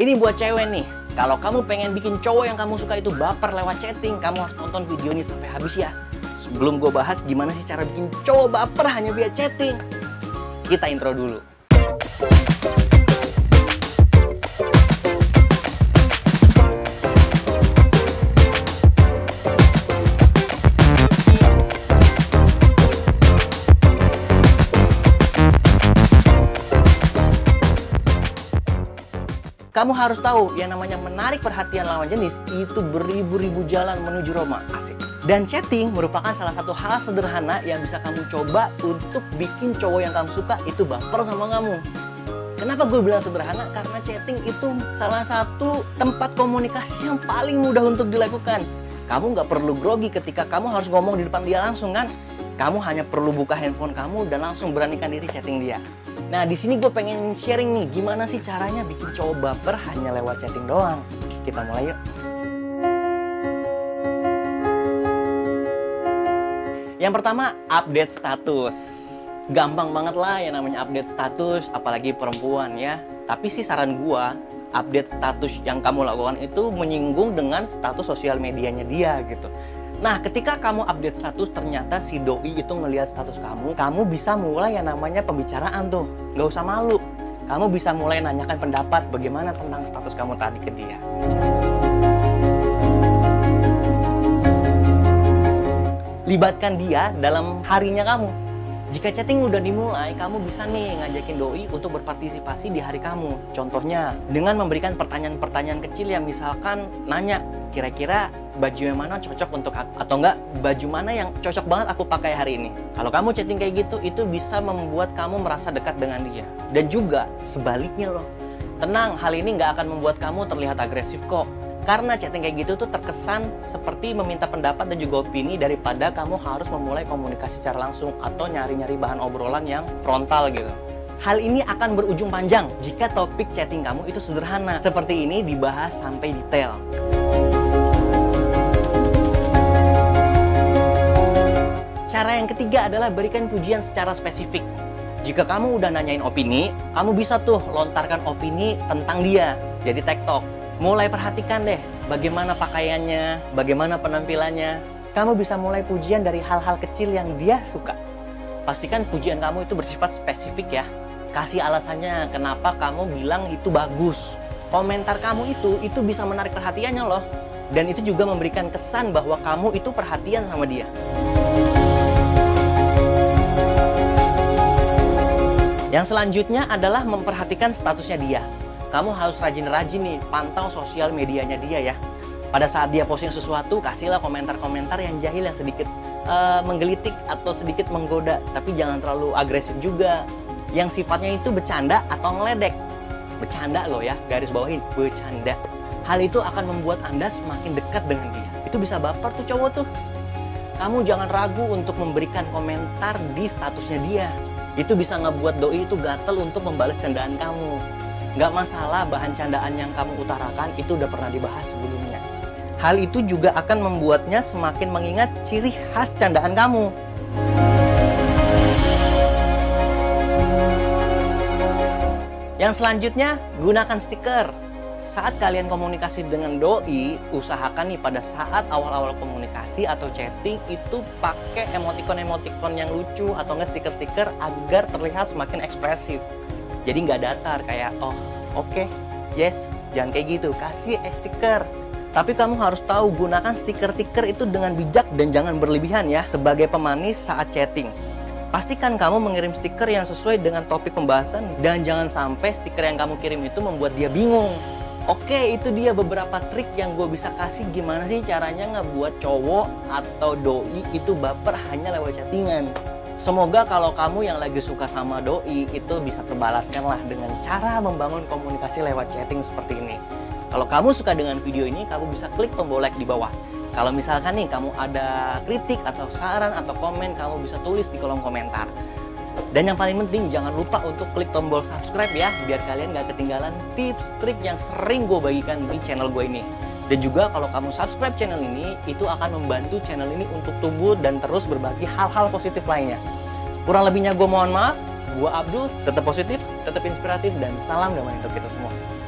Ini buat cewek nih. Kalau kamu pengen bikin cowok yang kamu suka itu baper lewat chatting, kamu harus tonton video ini sampai habis ya. Sebelum gue bahas gimana sih cara bikin cowok baper hanya via chatting, kita intro dulu. Kamu harus tahu yang namanya menarik perhatian lawan jenis itu beribu-ribu jalan menuju Roma. Asik. Dan chatting merupakan salah satu hal sederhana yang bisa kamu coba untuk bikin cowok yang kamu suka itu baper sama kamu. Kenapa gue bilang sederhana? Karena chatting itu salah satu tempat komunikasi yang paling mudah untuk dilakukan. Kamu nggak perlu grogi ketika kamu harus ngomong di depan dia langsung kan? Kamu hanya perlu buka handphone kamu dan langsung beranikan diri chatting dia. Nah, di sini gue pengen sharing nih, gimana sih caranya bikin cowok baper hanya lewat chatting doang. Kita mulai yuk. Yang pertama, update status. Gampang banget lah yang namanya update status, apalagi perempuan ya. Tapi sih saran gue, update status yang kamu lakukan itu menyinggung dengan status sosial medianya dia gitu. Nah, ketika kamu update status, ternyata si doi itu melihat status kamu, kamu bisa mulai yang namanya pembicaraan tuh. Nggak usah malu. Kamu bisa mulai nanyakan pendapat bagaimana tentang status kamu tadi ke dia. Libatkan dia dalam harinya kamu. Jika chatting udah dimulai, kamu bisa nih ngajakin doi untuk berpartisipasi di hari kamu. Contohnya, dengan memberikan pertanyaan-pertanyaan kecil yang misalkan nanya, kira-kira baju yang mana cocok untuk aku atau enggak baju mana yang cocok banget aku pakai hari ini. Kalau kamu chatting kayak gitu, itu bisa membuat kamu merasa dekat dengan dia. Dan juga sebaliknya loh, tenang hal ini nggak akan membuat kamu terlihat agresif kok karena chatting kayak gitu tuh terkesan seperti meminta pendapat dan juga opini daripada kamu harus memulai komunikasi secara langsung atau nyari-nyari bahan obrolan yang frontal gitu. Hal ini akan berujung panjang jika topik chatting kamu itu sederhana. Seperti ini dibahas sampai detail. Cara yang ketiga adalah berikan pujian secara spesifik. Jika kamu udah nanyain opini, kamu bisa tuh lontarkan opini tentang dia. Jadi tektok mulai perhatikan deh bagaimana pakaiannya, bagaimana penampilannya. Kamu bisa mulai pujian dari hal-hal kecil yang dia suka. Pastikan pujian kamu itu bersifat spesifik ya. Kasih alasannya kenapa kamu bilang itu bagus. Komentar kamu itu, itu bisa menarik perhatiannya loh. Dan itu juga memberikan kesan bahwa kamu itu perhatian sama dia. Yang selanjutnya adalah memperhatikan statusnya dia kamu harus rajin-rajin nih pantau sosial medianya dia ya. Pada saat dia posting sesuatu, kasihlah komentar-komentar yang jahil yang sedikit uh, menggelitik atau sedikit menggoda, tapi jangan terlalu agresif juga. Yang sifatnya itu bercanda atau ngeledek. Bercanda loh ya, garis bawahin, bercanda. Hal itu akan membuat Anda semakin dekat dengan dia. Itu bisa baper tuh cowok tuh. Kamu jangan ragu untuk memberikan komentar di statusnya dia. Itu bisa ngebuat doi itu gatel untuk membalas candaan kamu Nggak masalah bahan candaan yang kamu utarakan itu udah pernah dibahas sebelumnya. Hal itu juga akan membuatnya semakin mengingat ciri khas candaan kamu. Yang selanjutnya, gunakan stiker. Saat kalian komunikasi dengan doi, usahakan nih pada saat awal-awal komunikasi atau chatting itu pakai emoticon emotikon yang lucu atau enggak stiker-stiker agar terlihat semakin ekspresif jadi nggak datar kayak oh oke okay, yes jangan kayak gitu kasih eh, stiker tapi kamu harus tahu gunakan stiker-stiker itu dengan bijak dan jangan berlebihan ya sebagai pemanis saat chatting Pastikan kamu mengirim stiker yang sesuai dengan topik pembahasan dan jangan sampai stiker yang kamu kirim itu membuat dia bingung. Oke, itu dia beberapa trik yang gue bisa kasih gimana sih caranya ngebuat cowok atau doi itu baper hanya lewat chattingan. Semoga kalau kamu yang lagi suka sama doi itu bisa terbalaskan lah dengan cara membangun komunikasi lewat chatting seperti ini. Kalau kamu suka dengan video ini, kamu bisa klik tombol like di bawah. Kalau misalkan nih kamu ada kritik atau saran atau komen, kamu bisa tulis di kolom komentar. Dan yang paling penting jangan lupa untuk klik tombol subscribe ya, biar kalian gak ketinggalan tips, trik yang sering gue bagikan di channel gue ini. Dan juga kalau kamu subscribe channel ini, itu akan membantu channel ini untuk tumbuh dan terus berbagi hal-hal positif lainnya. Kurang lebihnya gue mohon maaf, gue Abdul, tetap positif, tetap inspiratif, dan salam damai untuk kita semua.